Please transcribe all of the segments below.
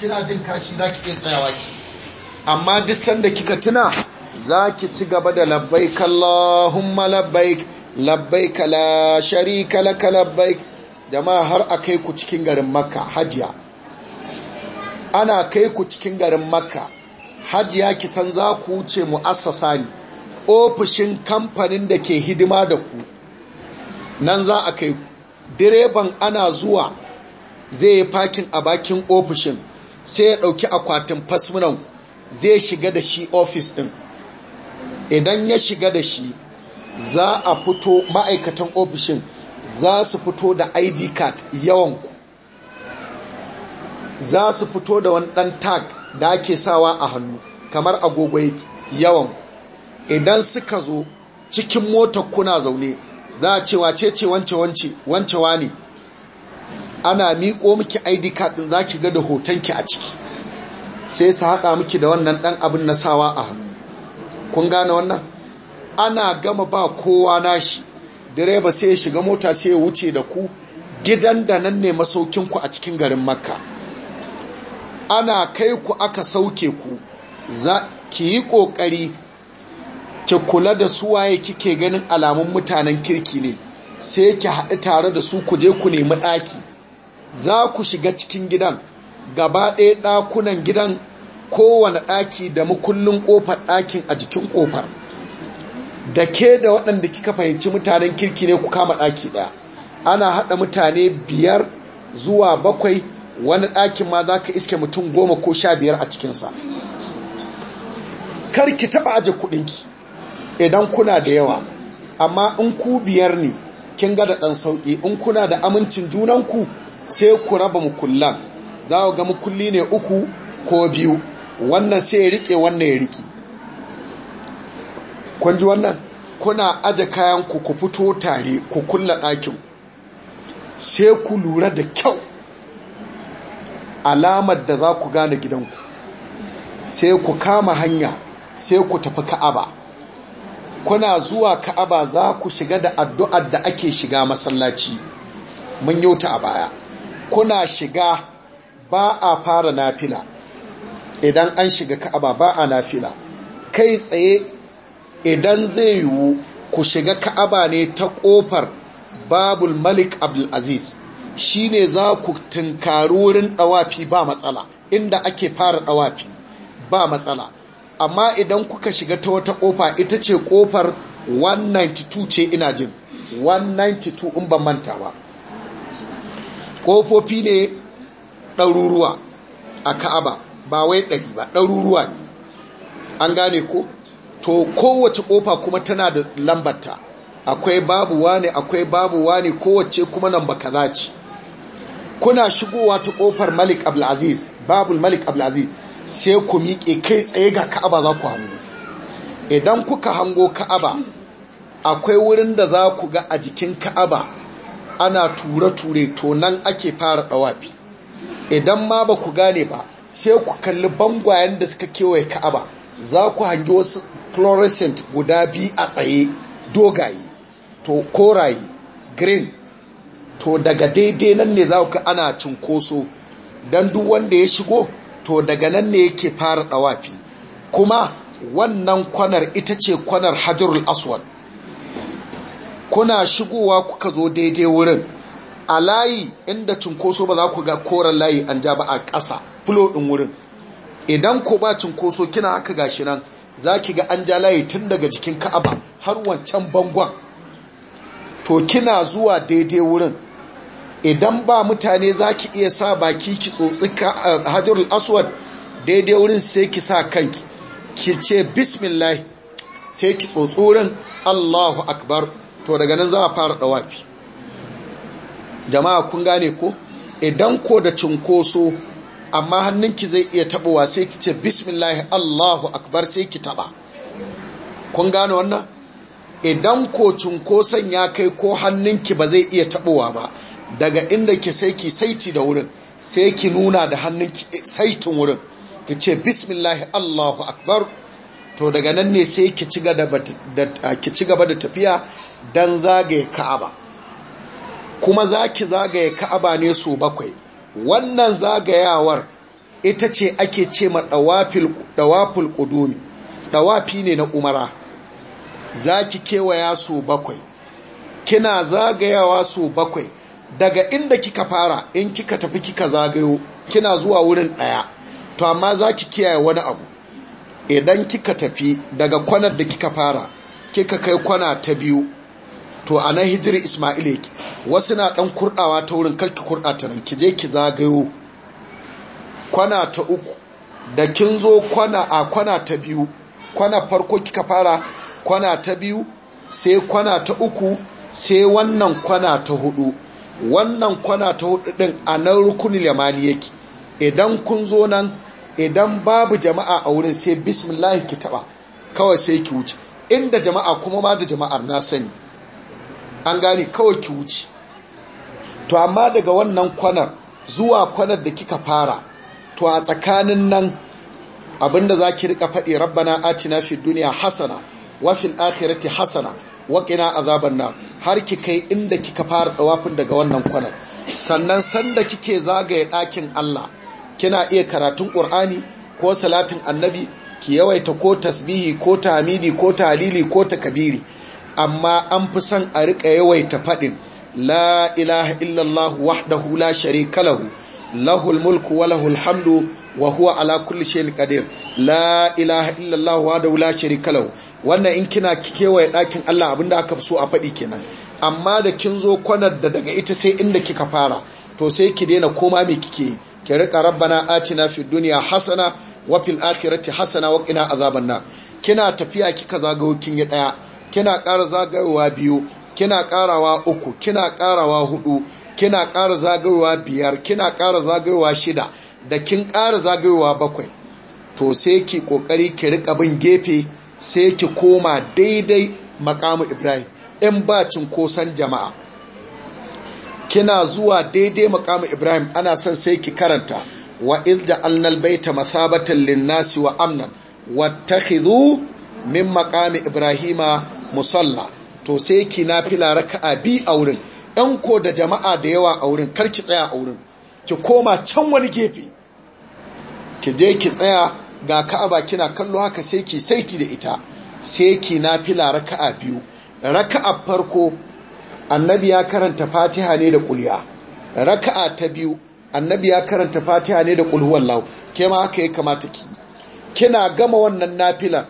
kina jin kashi za ki iya tsayawa ki amma duk sanda kika tuna za ki ci gaba da labbaik Allahumma labbaik labbaik la sharika kala labbaik jama'a har a kai ku cikin garin makka hajiya ana kai ku cikin garin makka hajiya ki san za ku wuce mu'assasa ne ofishin kamfanin da ke hidima da ku nan za a kai direban ana zuwa zai yi fakin a bakin ofishin sai ya ɗauki akwatin fasmunau zai shiga da shi ofis ɗin idan ya shiga da shi za a fito ma'aikatan ofishin za su fito da id card yawanku za su fito da wani ɗan tag da ake sawa a hannu kamar agogo yawan idan suka zo cikin motar kuna zaune za a ce wace ce wance wance wance ana miƙo miki ID card din zaki ga da hotonki a ciki sai su haɗa miki da wannan ɗan abin na sawa a kun gane wannan ana gama ba kowa nashi direba sai ya shiga mota sai ya wuce da ku gidan da nan ne ku a cikin garin makka ana kai ku aka sauke ku za ki yi ƙoƙari ki kula da su waye kike ganin alamun mutanen kirki ne sai ki haɗu tare da su ku je ku nemi ɗaki za ku shiga cikin gidan gaba ɗaya ɗakunan gidan kowane ɗaki da makullin ƙofar ɗakin a jikin ƙofar da ke da waɗanda kika fahimci mutanen kirki ne ku kama ɗaki ɗaya ana haɗa mutane biyar zuwa bakwai wani ɗakin ma za ka iske mutum goma ko sha biyar a cikinsa kar ki taɓa aje kuɗinki idan kuna da yawa amma in ku biyar ne kin ga da ɗan sauƙi in kuna da amincin junanku sai ku raba mukullan za ku ga mukulli ne uku ko biyu wannan sai ya rike wannan ya rike kun ji wannan kuna aje kayan ku ku fito tare ku kulla ɗakin sai ku lura da kyau alamar da za ku gane gidanku sai ku kama hanya sai ku tafi ka'aba kuna zuwa ka'aba za ku shiga da addu'ar da ake shiga masallaci mun yauta a baya kuna shiga ba a fara nafila idan an shiga ka'aba ba a nafila kai tsaye idan zai yiwu ku shiga ka'aba ne ta kofar babul malik abdulaziz shi ne za ku tunkari wurin ɗawafi ba matsala inda ake fara ɗawafi ba matsala amma idan kuka shiga ta wata kofa ita ce kofar 192 ce ina jin 192 in ban manta ba Kofofi ne ɗaruruwa a ka'aba ba wai ɗari ba ɗaruruwa ne an gane ko to kowace ƙofa kuma tana da lambarta akwai babu wane akwai babu wane kowace kuma nan ba kaza ce kuna shigowa ta ƙofar malik abdulaziz babul malik abdulaziz sai ku miƙe kai tsaye ga ka'aba za ku hango idan kuka hango ka'aba akwai wurin da za ku ga a jikin ka'aba ana ture-ture to nan ake fara ɗawafi idan ma ba ku gane ba sai ku kalli bangwayen da suka kewaye ka'aba za ku hangi wasu fluorescent guda biyu a tsaye dogaye to koraye green to daga daidai nan ne za ku ana cinkoso don duk wanda ya shigo to daga nan ne yake fara ɗawafi kuma wannan kwanar ita ce kwanar hajarul aswad kuna shigowa kuka zo daidai wurin a layi inda cunkoso ba za ku ga koren layi an ja ba a ƙasa fulo ɗin wurin idan ko ba cunkoso kina haka gashi nan za ki ga an ja layi tun daga jikin ka'aba har wancan bangon to kina zuwa daidai wurin idan ba mutane za ki iya sa baki ki tsotsi eh, hajjarul aswad daidai wurin sai ki sa kanki ki ce bismillah sai ki tsotsi wurin allahu akbar to daga nan za a fara dawafi jama'a kun gane ko idan ko da cinkoso amma hannunki zai iya tabowa sai ki ce bismillah Allahu akbar sai ki taba kun gane wannan idan ko cinkoson ya kai ko hannunki ba zai iya tabowa ba daga inda ki sai ki saiti da wurin sai ki nuna da hannunki eh, saitin wurin ki ce bismillah Allahu akbar to daga nan ne sai ki ci gaba da tafiya don zagaye ka'aba kuma za ki zagaye ka'aba ne su bakwai wannan zagayawar ita ce ake ce ma dawafil ƙudumi ɗawafi ne na umara za ki kewaya su bakwai kina zagayawa su bakwai daga inda kika fara in kika tafi kika zagayo kina zuwa wurin ɗaya to amma za ki kiyaye wani abu idan kika tafi daga kwanar da kika fara kika kai kwana ta biyu to a nan hijiri ismail yake wasu na dan kurdawa ta wurin karki kurda ta nan ki je ki zagayo kwana ta uku da kin zo kwana a kwana ta biyu kwana farko kika fara kwana ta biyu sai kwana ta uku sai wannan kwana ta hudu wannan kwana ta hudu din a nan rukunin limani yake idan kun zo nan idan babu jama'a a wurin sai bismillah ki taba kawai sai ki wuce inda jama'a kuma ma da jama'ar na sani an gane kawai ki wuce to amma daga wannan kwanar zuwa kwanar da kika fara to a tsakanin nan abinda za ki rika faɗi rabbana atina fi duniya hasana wa fil akhirati hasana wa qina azaban nar har ki kai inda kika fara tsawafin daga wannan kwanar sannan sanda kike zagaye ɗakin Allah kina iya karatun Qur'ani ko salatin annabi ki yawaita ko tasbihi ko tamidi ko talili ko ta kabiri. amma an fi son a riƙa yawaita faɗin la ilaha illallah wahdahu la sharika lahu lahul mulku wa lahul hamdu wa huwa ala kulli shay'in qadir la ilaha illallah wahdahu la sharika lahu wannan in kina kewaye ɗakin Allah abin da aka so a faɗi kenan amma da kin zo kwanar da daga ita sai inda kika fara to sai ki daina koma me kike ki riƙa rabbana atina fid dunya hasana wa fil akhirati hasana wa qina azaban kina tafiya kika zagawo kin yi ɗaya kina ƙara zagayowa biyu kina ƙarawa uku kina ƙarawa hudu kina ƙara zagayowa biyar kina ƙara zagayowa shida da kin ƙara zagayowa bakwai to sai ki ƙoƙari ki riƙa bin gefe sai ki koma daidai makamu ibrahim in ba cinkoson jama'a kina zuwa daidai makamu ibrahim ana son sai ki karanta wa ilja annal baita masabatan linnasi wa amnan wattakhidhu min maqami ibrahima musalla to sai ki nafila raka'a bi a wurin ɗan ko da jama'a da yawa a wurin kar ki tsaya a wurin ki koma can wani gefe ki je ki tsaya ga ka'aba kina kallo haka sai ki saiti da ita sai ki nafila raka'a biyu raka'a farko annabi ya karanta fatiha ne da kulya raka'a ta biyu annabi ya karanta fatiha ne da kulhuwallahu ke ma haka ya kamata ki kina gama wannan nafilar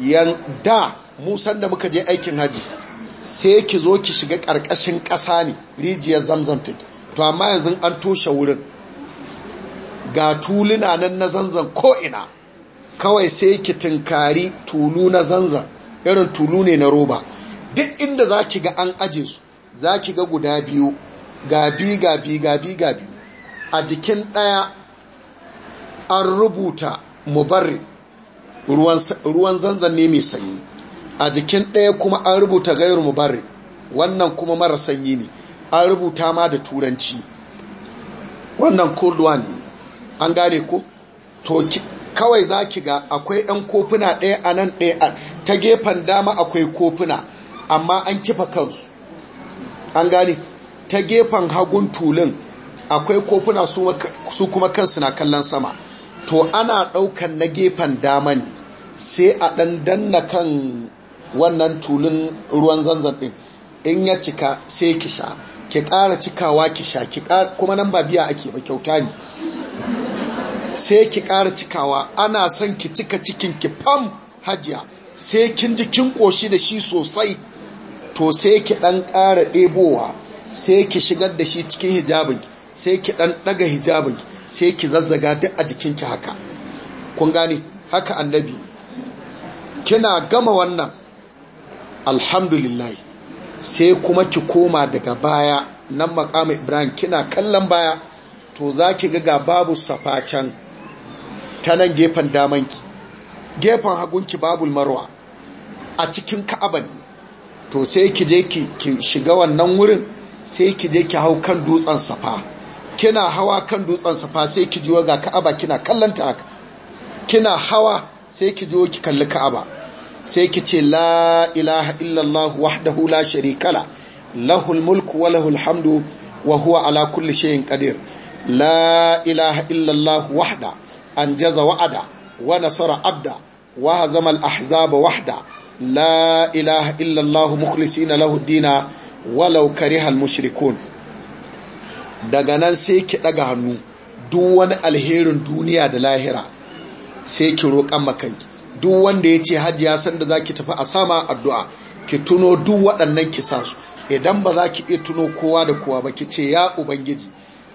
yanda musan da muka je aikin haji sai ki zo ki shiga ƙarƙashin ƙasa ne rijiyar zamzam take to amma yanzu an toshe wurin ga tuluna nan na zanzan ko ina kawai sai ki tunkari tulu na zanzan irin tulu ne na roba duk inda za ki ga an aje su za ki ga guda biyu gabi gabi gabi gabi a jikin ɗaya an rubuta mubarri ruwan zanzan ne mai sanyi a jikin ɗaya kuma an rubuta gairu bari wannan kuma mara sanyi ne an rubuta ma da turanci wannan cold one an gane ko to kawai za ki ga akwai 'yan kofuna ɗaya a nan ɗaya ta gefen dama akwai kofuna amma an kifa kansu an gane ta gefen hagun tulin, akwai kofuna su kuma kansu na kallon sama to ana ɗaukan na gefen dama ne sai a ɗan danna kan wannan tulun ruwan zanzan ɗin in ya cika sai ki sha ki ƙara cikawa ki sha kuma nan ba biya ake ba kyauta ne sai ki ƙara cikawa ana son ki cika cikin ki fam hajiya sai kin ji kin ƙoshi da shi sosai to sai ki ɗan ƙara ɗebowa sai ki shigar da shi cikin hijabinki sai ki ɗan ɗaga hijabin sai ki zazzaga duk a jikinki haka kun gane haka annabi kina gama wannan alhamdulillah sai kuma ki koma daga baya nan makamu ibrahim kina kallon baya to za ki ga babu safa ta nan gefen damanki gefen hagunki babu marwa a cikin ka'aban to sai ki je ki shiga wannan wurin sai ki je ki hau kan dutsen safa kina hawa kan dutsen safa sai ki ji ga ka'aba kina kallanta haka kina hawa sai ki zo ki kalli ka'aba sai ki ce la ilaha illallah wahdahu la sharika la lahul mulku wa lahul hamdu wa huwa ala kulli shay'in qadir la ilaha illallah wahda anjaza wa'ada wa nasara abda wa hazama al ahzaba wahda la ilaha illallah mukhlisina lahu dina walau kariha al mushrikun daga nan sai ki daga hannu duk wani alherin duniya da lahira sai ki roƙan makanki duk wanda ya ce ya san da za ki tafi a sama addu'a ki tuno duk waɗannan ki sa su idan ba za ki iya tuno kowa da kowa ba ki ce ya ubangiji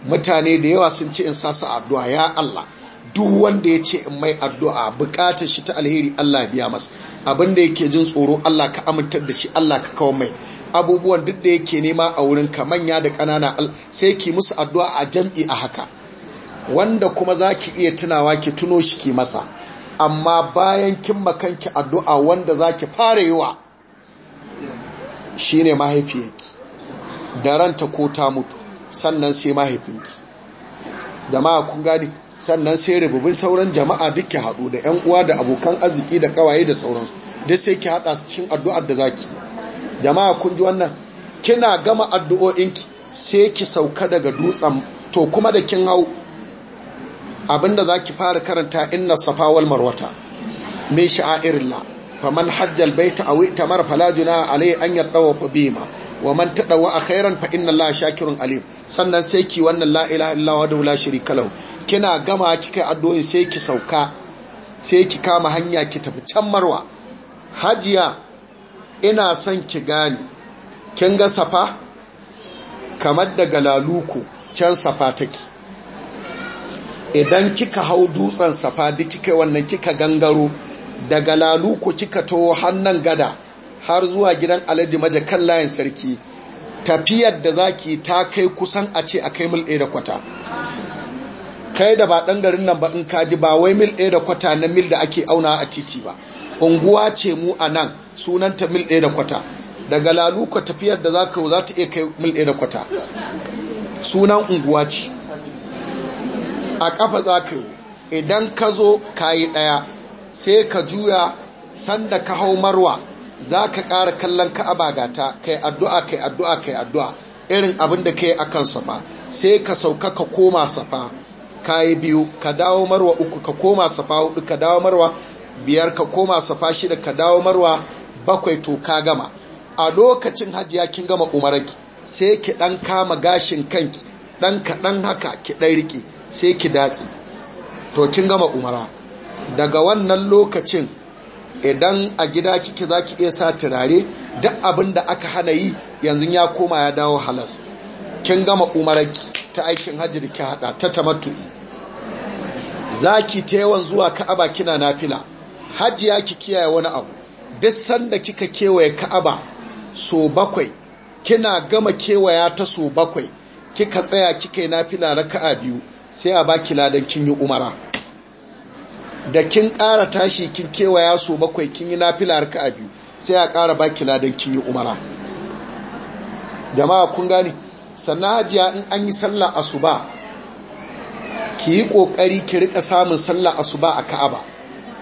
mutane da yawa sun ce in sa su addu'a ya Allah duk wanda ya ce in mai addu'a buƙatar shi ta alheri Allah biya masa abin da yake jin tsoro Allah ka amintar da shi Allah ka kawo mai abubuwan duk da yake nema a wurin ka manya da ƙanana sai ki musu addu'a a jam'i a haka wanda kuma za ki iya tunawa ki tuno shi ki masa amma bayan kin makanki addu'a wanda za ki fara yi wa shi ne mahaifiyarki da ranta ko ta mutu sannan sai mahaifinki jama'a kun gani sannan sai rububin sauran jama'a duka haɗu da 'yan uwa da abokan arziki da kawaye da sauransu duk sai ki haɗa cikin addu'ar da za ki jama'a kun ji wannan kina gama addu'o'inki sai ki sauka daga dutsen to kuma da kin hau abinda za ki fara karanta inna safa wal marwata min sha'irillah man hajjal baita awi itamara fala junaha alayhi an yatawafa bima wa man tadawa khairan fa inna allaha shakirun alim sannan sai ki wannan la ilaha illa huwa la sharika lahu kina gama kika addu'o'i sai ki sauka sai ki kama hanya ki tafi can marwa hajiya ina son ki gani kin ga safa kamar daga laluku can safa take idan kika hau dutsen safa kika wannan kika gangaro daga laluku kika to hannan gada har zuwa gidan alaji maje kan layin sarki tafiyar da zaki ta kai kusan a ce a kai mil ɗaya da kwata kai da ba ɗan garin nan ba in kaji ba wai mil ɗaya da kwata na mil da ake auna a titi ba unguwa ce mu a nan sunanta mil ɗaya da kwata daga laluka tafiyar da za ka za ta iya kai mil ɗaya da kwata sunan unguwa ce a kafa za ka yi idan ka zo ka yi ɗaya sai ka juya sanda ka hau marwa za ka ƙara kallon abagata, ka kai addu'a kai addu'a kai addu'a irin abin da ka yi a safa sai ka sauka ka koma safa ka yi biyu ka dawo marwa uku ka koma safa hudu ka dawo marwa biyar ka koma safa shida ka dawo marwa bakwai to ka gama a lokacin hajiya kin gama umaranki sai ki ɗan kama gashin kanki ɗan kaɗan haka ki ɗan riƙe sai ki datsi to kin gama umara daga wannan lokacin idan a gida kike zaki iya sa turare duk abin da aka hana yi yanzu ya koma ya dawo halas kin gama umara ta aikin hajji da ki hada ta tamattu'i za ki yawan zuwa ka'aba kina nafila hajji ya ki kiyaye wani abu duk sanda kika kewaye ka'aba so bakwai kina gama kewaya ta so bakwai kika tsaya kika yi nafila raka'a biyu sai a baki ladan kin yi umara da kin ƙara tashi kin kewaya so bakwai kin yi nafila harka a biyu sai a ƙara baki ladan kin yi umara jama'a kun gani sannan hajiya in an yi sallah asuba ki yi ƙoƙari ki rika samun sallah asuba a ka'aba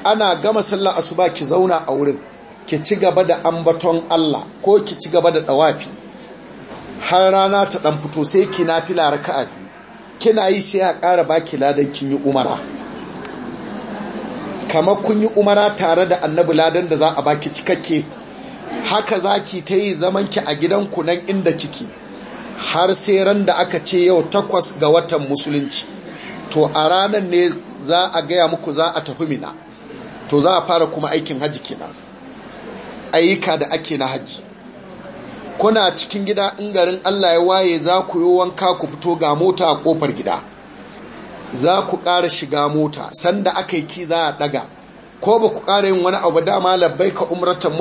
ana gama sallah asuba ki zauna a wurin ki ci gaba da ambaton Allah ko ki ci gaba da dawafi har rana ta dan fito sai ki nafila raka'a kina yi sai a ƙara baki ladan kin yi umara kama kun yi umara tare da annabi ladan da za a baki cikakke haka za ki ta yi zamanki a ku nan inda kiki har sai ran da aka ce yau takwas ga watan musulunci to a ranar ne za a gaya muku za a tafi mina to za a fara kuma aikin hajji kenan ayyuka da ake na hajji kuna cikin gida in garin Allah ya waye za ku yi wanka ku fito ga mota a kofar gida za ku ƙara shiga mota sanda aka yi ki za a ɗaga ko ba ku ƙara yin wani abu dama labbai ka umratan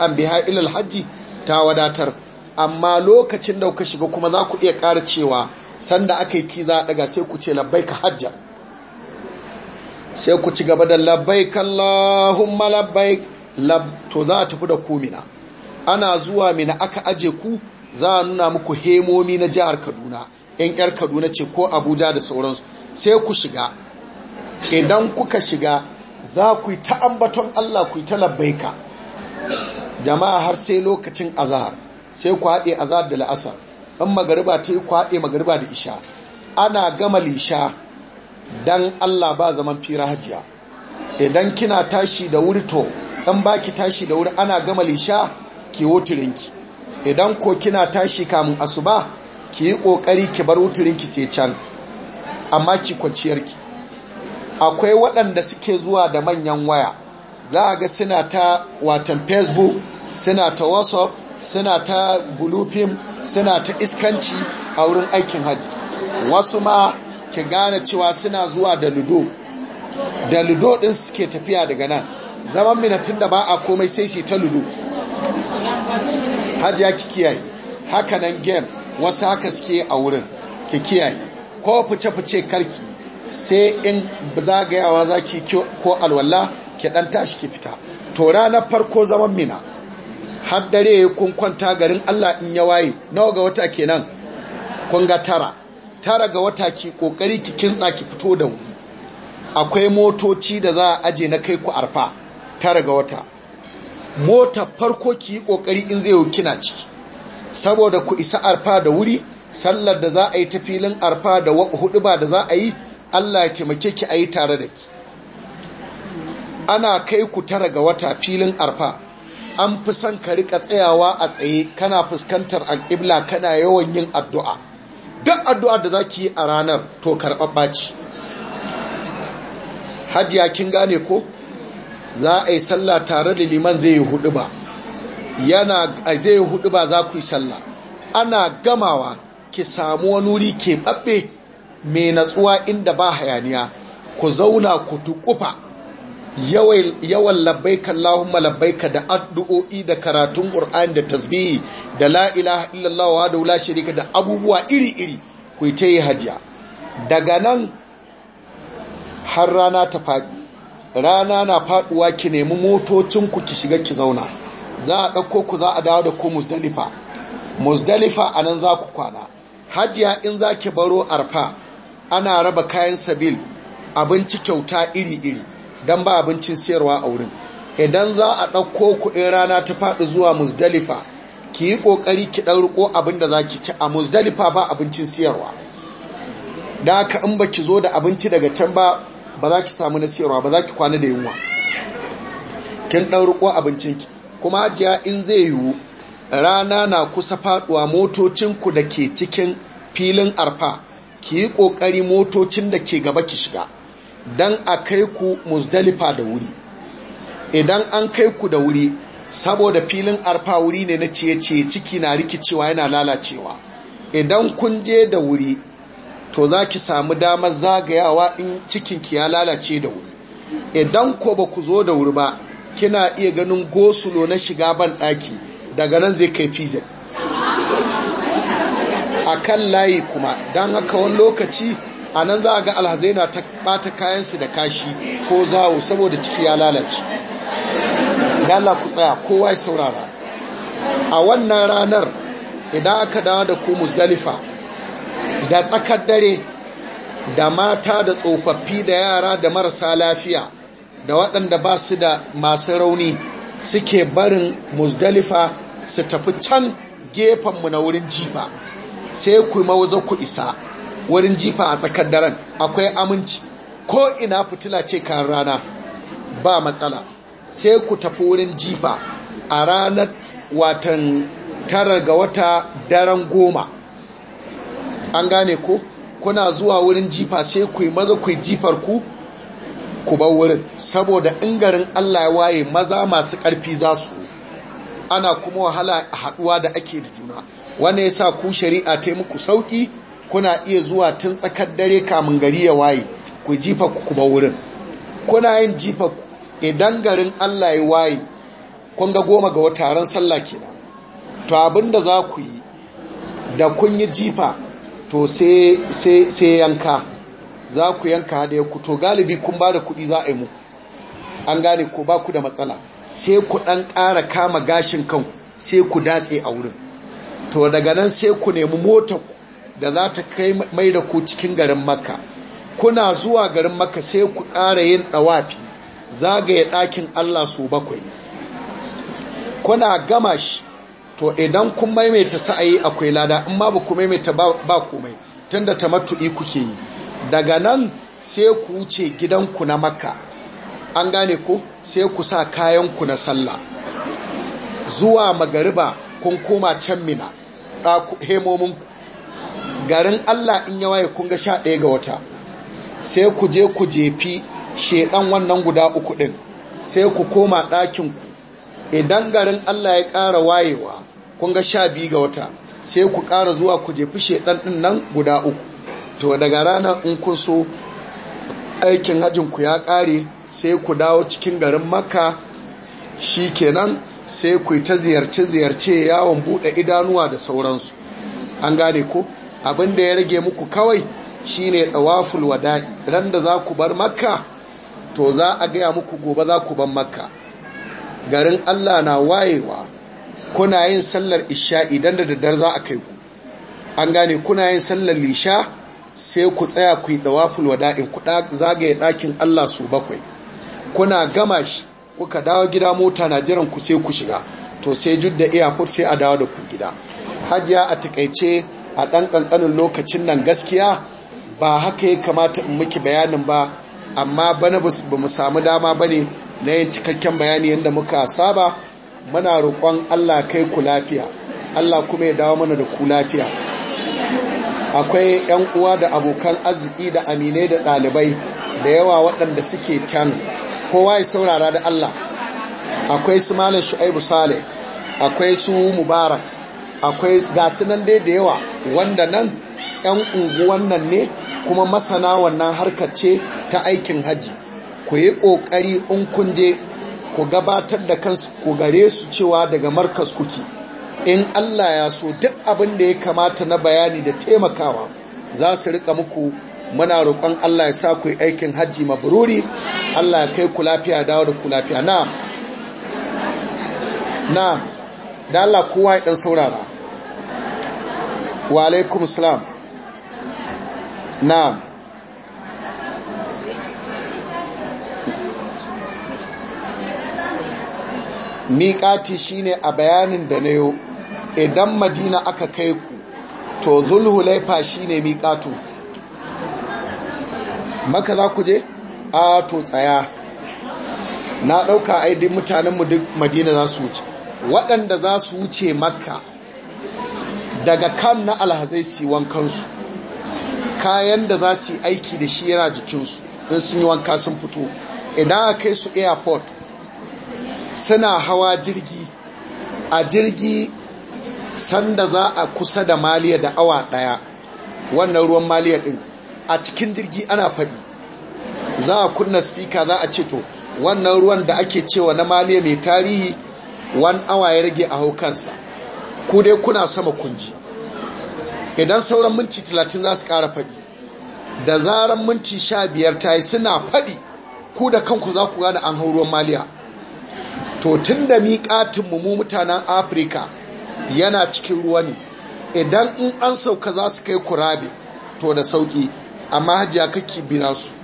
an biha ilal hajji ta wadatar amma lokacin da kuka shiga kuma za ku iya ƙara cewa sanda aka yi ki za a ɗaga sai ku ce labbai ka hajja sai ku ci gaba da labbai ka labbai to za a tafi da kumina ana zuwa mina aka aje ku za a nuna muku hemomi na jihar kaduna yan yar kaduna ce ko abuja da sauransu sai ku shiga idan kuka shiga za ku yi ta allah ku yi ta labbaika jama'a har sai lokacin azahar sai ku haɗe azahar da la'asa in magariba ta yi ku haɗe magariba da isha ana gama lisha don allah ba zaman fira hajiya idan kina tashi da wuri to ba ki tashi da wuri ana gama lisha ki wuturinki idan ko kina tashi kamun asuba ki yi kokari ki bar wuturinki sai can amma ki kwanciyarki akwai waɗanda suke zuwa da manyan waya za a ga suna ta watan facebook suna ta whatsapp suna ta bulufin suna ta iskanci a wurin aikin hajji wasu ma ki gane cewa suna zuwa da ludo da ludo ɗin suke tafiya daga nan zaman minatin da ba a komai sai sai ta ludo hajiya ki kiyaye hakanan gem. wasu haka suke a wurin ki kiyaye ko fice-fice karki sai in zagayawa za ki ko alwallah ki dan tashi ki fita to ranar farko zaman mina har dare kun kwanta garin Allah in ya waye nawa ga wata kenan kun ga tara tara ga wata ki kokari ki kintsa ki fito da wuri akwai motoci da za a aje na kai ku arfa tara ga wata mota farko ki yi kokari in zai kina ciki saboda ku isa arfa da wuri sallar da za a yi ta filin arfa da hudu ba da za a yi Allah ya taimake ki a yi tare da ki ana kai ku tara ga wata filin arfa an fi son ka rika tsayawa a tsaye kana fuskantar al'ibla kana yawan yin addu'a duk addu'a da za ki yi a ranar to karɓaɓɓaci hajiya kin gane ko za a yi sallah tare da liman zai yi hudu ba yana zai yi hudu ba za ku yi sallah ana gamawa ki samu wani wuri ke babbe mai natsuwa inda ba hayaniya ku zauna ku tukufa yawan labbaika malabbai ka da addu'o'i da karatun ƙur’an da tasbihi da la illallah wa da la da abubuwa iri-iri ku yi ta yi hajiya daga nan har rana ta faɗi rana na faduwa ki nemi motocin ku ki shiga ki zauna za a ɗauko ku za a dawo da ku musdalifa musdalifa a nan za ku kwana hajiya in za ki baro arfa ana raba kayan sabil abinci kyauta iri-iri don ba abincin siyarwa a wurin idan za a ɗauko ku in rana ta faɗi zuwa musdalifa ki yi ƙoƙari ki ɗan riƙo abin za ki ci a musdalifa ba abincin siyarwa da haka in ba ki zo da abinci daga can ba ba za ki samu nasiyarwa ba za ki kwana da yunwa kin ko abincin abincinki kuma ajiya in zai yiwu rana na kusa faɗuwa ku da ke cikin filin arfa ki yi ƙoƙari motocin da ke gaba ki shiga don a kai ku musdalifa da wuri idan an kai ku da wuri saboda filin arfa wuri ne na ciye-ciye ciki na rikicewa yana lalacewa idan kun je da wuri to za ki samu damar zagayawa in cikinki ya lalace da wuri idan ko ba ku zo da wuri ba kina iya ganin gosulo na shiga ban ɗaki daga nan zai kai fizin a kan layi kuma don haka wani lokaci a nan za a ga Alhazaina na ta ɓata kayansu da kashi ko zawo saboda ciki ya lalace yalla ku tsaya kowa ya saurara a wannan ranar idan aka dawo da ku musdalifa da tsakar dare da mata da tsofaffi da yara da marasa lafiya da waɗanda ba su da masu rauni suke barin musdalifa su tafi can gefenmu na wurin jifa sai ku mawaza ku isa wurin jifa a tsakar daren akwai aminci ko ina fitila ce kan rana ba matsala sai ku tafi wurin jifa a ranar watan tara ga wata daren goma an gane ko kuna zuwa wurin jifa sai ku yi maza ku jifar ku ku bar wurin saboda in garin Allah ya waye maza masu ƙarfi za su ana kuma wahala a haɗuwa da ake da juna wanda ya sa ku shari'a ta muku sauƙi kuna iya zuwa tun tsakar dare kamun gari ya waye ku jifa ku bar wurin kuna yin jifa ku idan garin Allah ya waye kun ga goma ga wata ran sallah kenan to abinda za ku yi da kun yi jifa to sai yanka za ku yanka hadaya ku to galibi kun ba da kuɗi za a yi mu an gane ko ba ku da matsala sai ku ɗan ƙara kama gashin kanku sai ku datse a wurin to daga nan sai ku nemi mota da za ta kai mai da ku cikin garin maka. kuna zuwa garin maka sai ku ƙara yin ɗawafi zagaye ɗakin allah su bakwai kuna gama shi to idan kun maimaita sa'ayi akwai lada in ba ku maimaita ba komai tunda matu'i kuke yi daga nan sai ku wuce gidanku na makka an gane ku sai ku sa kayan ku na sallah zuwa magariba kun koma can mina ku. garin allah in waye kun ga sha ɗaya ga wata sai ku je ku jefi shedan wannan guda uku ɗin sai ku koma ɗakinku idan garin allah ya ƙara wayewa kun ga sha biyu ga wata sai ku ƙara zuwa ku jefi shaidan ɗin nan guda uku to daga rana in kun so aikin hajjin ku ya ƙare sai ku dawo cikin garin makka shi kenan sai ku ta ziyarce-ziyarce yawon buɗe idanuwa da sauransu an gane ko abin da ya rage muku kawai shine ɗawaful wada'i ran da za ku bar makka to za a gaya muku gobe za ku bar makka garin allah na wayewa kuna yin sallar isha idan da daddar za a kai ku an gane kuna yin sallar lisha sai ku tsaya ku yi dawaful wada'in ku zagaye ɗakin Allah su bakwai kuna gama shi kuka dawo gida mota na jiran ku sai ku shiga to sai judda airport sai a dawo da ku gida hajiya a takaice a ɗan ƙanƙanin lokacin nan gaskiya ba haka ya kamata in miki bayanin ba amma bana ba mu samu dama bane na yin cikakken bayani yadda muka saba muna roƙon Allah kai ku lafiya Allah kuma ya dawo mana da ku lafiya akwai 'yan uwa da abokan arziki da amine da ɗalibai da yawa waɗanda suke can kowa ya saurara da Allah akwai su malam shu'aibu saleh akwai su mubarak akwai gasu nan dai da yawa wanda nan 'yan unguwan nan ne kuma masana wannan harkace ta aikin hajji ku yi ƙoƙari in kun je ku gabatar da kansu ku gare su cewa daga markas kuke in Allah ya so duk abin da ya kamata na bayani da taimakawa za su rika muku muna roƙon Allah ya sa ku aikin hajji mabruri Allah ya kai ku lafiya dawo da ku lafiya na na da Allah kowa ya dan saurara wa alaikum salam na miƙati shine a bayanin da na yau idan madina aka kai ku to zulhulaifa shine miƙatu maka za ku je a to tsaya na ɗauka aidin mutanenmu duk madina za su wuce waɗanda za su wuce makka daga kan na alhazai su wankansu kayan da za su yi aiki da shi yana jikinsu in sun yi wanka sun fito idan a kai su airport suna hawa jirgi a jirgi sanda za a kusa da maliya da awa daya wannan ruwan maliya din a cikin jirgi ana faɗi za a kunna speaker za a ce to wannan ruwan da ake cewa na maliya mai tarihi wani awa ya rage a haukansa ku dai kuna sama kunji idan sauran minti 30 za su ƙara faɗi da zaran minti 15 ta yi suna faɗi ku da kanku za ku gane an hau ruwan maliya to tun da miƙatinmu mu mutanen afirka yana cikin ruwa ne idan in an sauka za su kai kurabe to da sauƙi amma hajiya kake bina su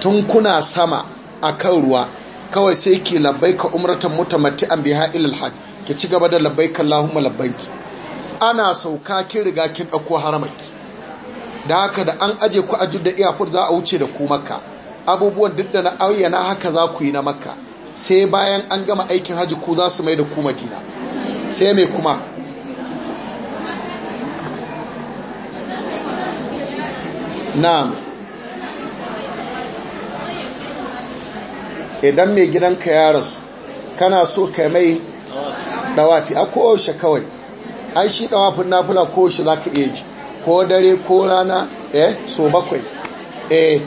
tun kuna sama a kan ruwa kawai sai ke labbai ka umratan mutamati an biya ilil hajj ki ci gaba da labbai ka lahuma ana sauka kin riga kin ɗauko haramaki da haka da an aje ku a da iyafur za a wuce da ku makka abubuwan duk da na ayyana haka za ku yi na makka sai bayan an gama aikin hajji ku za su mai da ku madina sai mai kuma na'am idan mai gidanka ya rasu kana so ka mai dawafi a kowace kawai an shi dawafin nafula kowace za ka iya ji ko dare ko rana eh so bakwai eh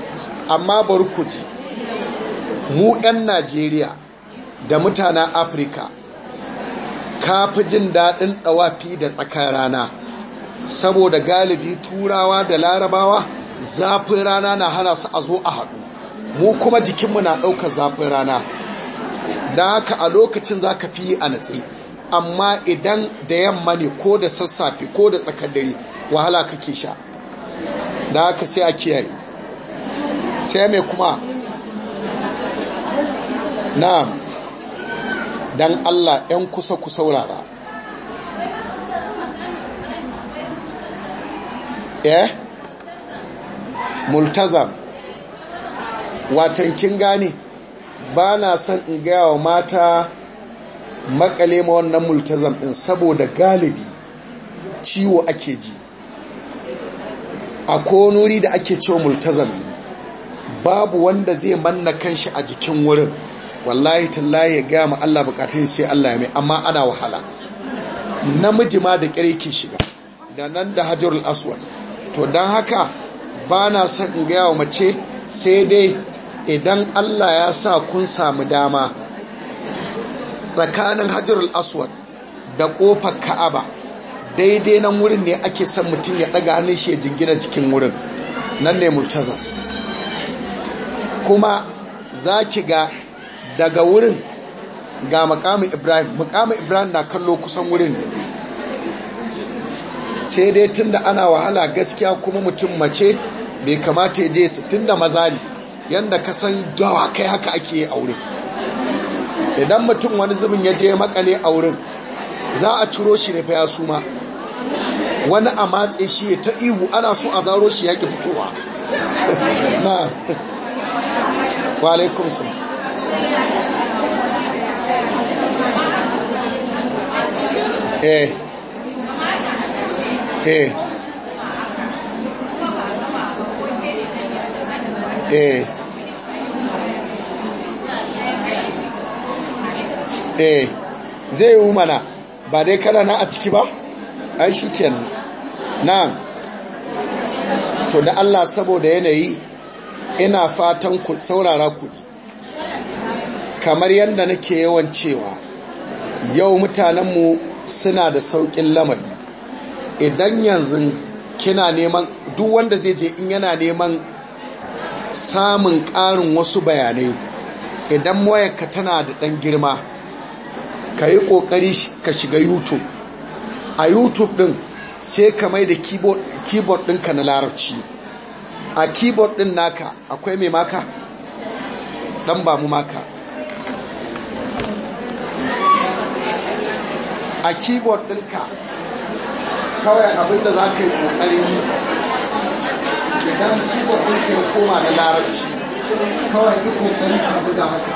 amma barkuci mu 'yan najeriya da mutanen afirka ka fi jin daɗin ɗawafi da tsakar rana saboda galibi turawa da larabawa zafin rana na hana su a zo a haɗu mu kuma jikinmu na ɗaukar zafin rana da haka a lokacin za ka fi yi a natsi amma idan da yamma ne ko da sassafe ko da tsakar dare wahala kake sha da haka sai a kiyaye sai mai kuma na'am dan Allah ‘yan kusa ku saurara eh multazam watan kin gane ba na son in gaya wa mata makale ma wannan multazam ɗin saboda galibi ciwo ake ji a konuri da ake ciwo multazam babu wanda zai manna kanshi a jikin wurin wallahi tallahi ya gaya ma Allah bukatun sai Allah ya mai amma ana wahala namiji ma da kyar ke shiga da nan da hajarul aswad to don haka ba na son gaya wa mace sai dai idan Allah ya sa kun samu dama tsakanin hajarul aswad da kofar ka'aba daidai nan wurin ne ake son mutum ya daga hannun shi ya jingina cikin wurin nan ne murtaza kuma za ki ga daga wurin ga makamin ibrahim makamin ibrahim na kallo kusan wurin sai dai tun da ana wahala gaskiya kuma mutum mace bai kamata ya je su tun da maza ne yadda ka san dawa kai haka ake yi a wurin idan mutum wani zubin ya je makale a wurin za a ciro shi ne fa ya suma wani a matse shi ta ihu ana so a zaro shi yaki fitowa na walaikum Eh. Eh. Eh. eh zai yi mana ba dai kada na a ciki ba ai shi kenan na to da Allah saboda yanayi ina fatan ku saurara ku kamar yadda nake yawan cewa yau mutanenmu suna da sauƙin lamari idan yanzu kina neman duk wanda zai je in yana neman samun ƙarin wasu bayanai idan wayanka tana da ɗan girma ka yi ƙoƙari ka shiga youtube a youtube ɗin sai ka mai da keyboard ɗinka na larabci a keyboard ɗin naka akwai mai maka ɗan ba mu maka a keyboard ɗinka kawai abinda za ka yi ƙoƙarin yi idan keyboard ɗinka ya koma da larabci kawai duk ƙoƙarin ka guda haka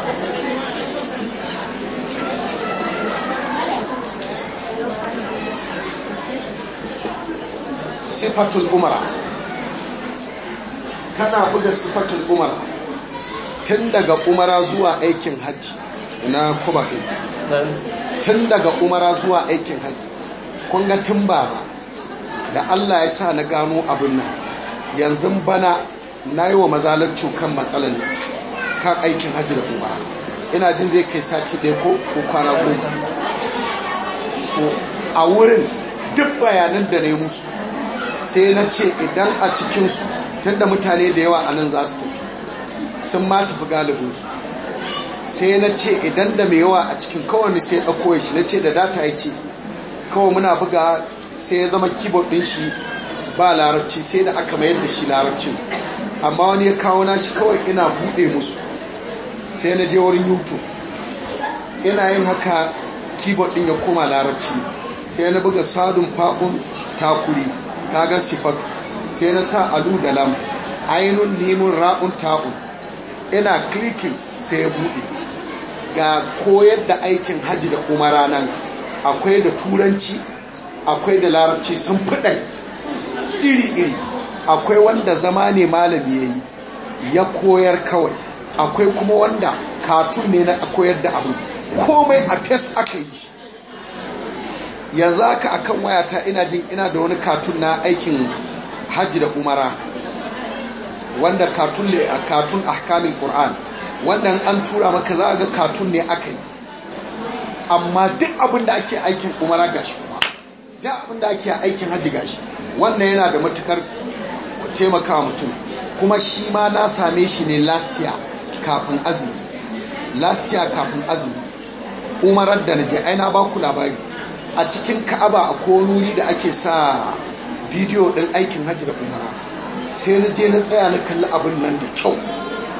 sifatul umara kana buga sifatul umara tun daga umara zuwa aikin hajji na kuma ɗin tun daga umara zuwa aikin hajji kun ga tun bara da Allah ya sa na gano abin nan yanzu bana na yi wa mazalarcu kan matsalar nan kan aikin hajji da umara ina jin zai kai sati ɗaya ko kwana goma to a wurin duk bayanan da na yi musu sai na ce idan a cikinsu tunda mutane da yawa a nan za su tafi sun ma tafi galibinsu sai na ce idan da mai yawa a cikin kowane sai ya ɗauko shi na ce da data ya ce kawai muna buga sai ya zama keyboard ɗin shi ba larabci sai da aka mayar da shi larabcin amma wani ya kawo na shi kawai ina buɗe musu sai na je wurin youtube ina yin haka keyboard ɗin ya koma larabci sai na buga sadun faɗin takuri kaga sifatu sai na sa alu da lam ainihin limun ra'un ta'un ina clicking sai ya buɗe ga koyar da aikin hajji da umara nan akwai da turanci akwai da larabci sun fiɗa iri-iri akwai wanda zama ne malami ya yi ya koyar kawai akwai kuma wanda katun ne na koyar da abu komai a fes aka yi yanzu haka akan wayata ina jin ina da wani katun na aikin hajji da umara wanda katun ahkamin Kur'an. wannan an tura maka za a ga katun ne aka yi amma duk abin da ake aikin umara gashi kuma duk abin da ake aikin hajji gashi wannan yana da matukar taimaka mutum kuma shi ma na same shi ne last year kafin azumi last year kafin azumi umarar da naje aina ba ku labari a cikin ka'aba a konuri da ake sa bidiyo ɗin aikin hajji da umara sai na je na tsaya na kalli abin nan da kyau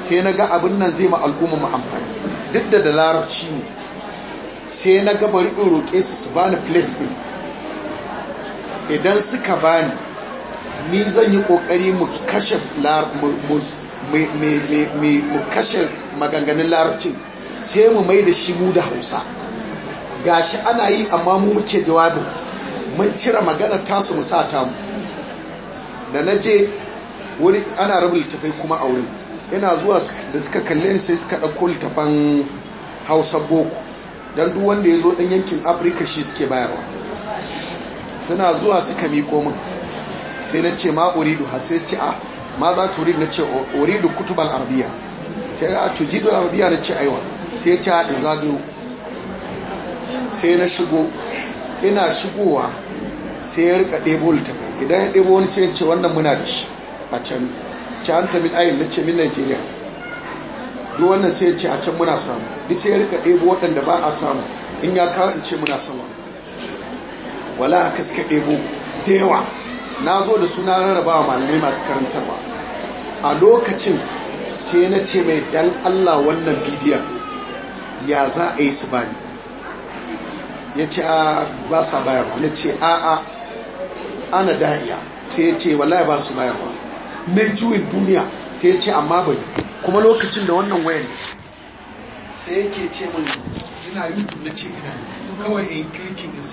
sai na ga abin nan zai ma al'umma mu amfani duk da da larabci ne sai na ga bari in roƙe su su bani plate ɗin idan suka bani ni zan yi ƙoƙari mu kashe mu kashe maganganun larabcin sai mu mai da shi mu da hausa gashi ana yi amma mu muke jawabin mun cire magana tasu mu sa tamu da na je wuri ana rabu littafai kuma a wurin ina zuwa da suka kalle ni sai suka ɗauko littafan hausa boko don duk wanda ya zo ɗan yankin afirka shi suke bayarwa suna zuwa suka miko min sai na ce ma uridu ha sai ce a ma za ta uridu na ce uridu kutubal arabiya sai a tujidu arabiya na ce aiwa sai ce a zagayo sai na shigo ina shigowa sai ya rika ɗebo littafai idan ya ɗebo wani sai ya ce wannan muna da shi a can ce an tamil ayin na ce min nigeria duk wannan sai ce a can muna samu duk sai rika ɗebo waɗanda ba a samu in ya kawo in ce muna sama wala a suka ɗebo da yawa na zo da suna rarraba wa malamai masu karantarwa a lokacin sai na ce mai dan allah wannan bidiyon ya za a yi su bani ya ce a ba sa bayarwa na ce a a ana da'iya sai ya ce wallahi ba su bayarwa mai juyin duniya sai ya ce amma bari kuma lokacin da wannan wayan sai yake ce mun ina yi na ina kawai in klikin in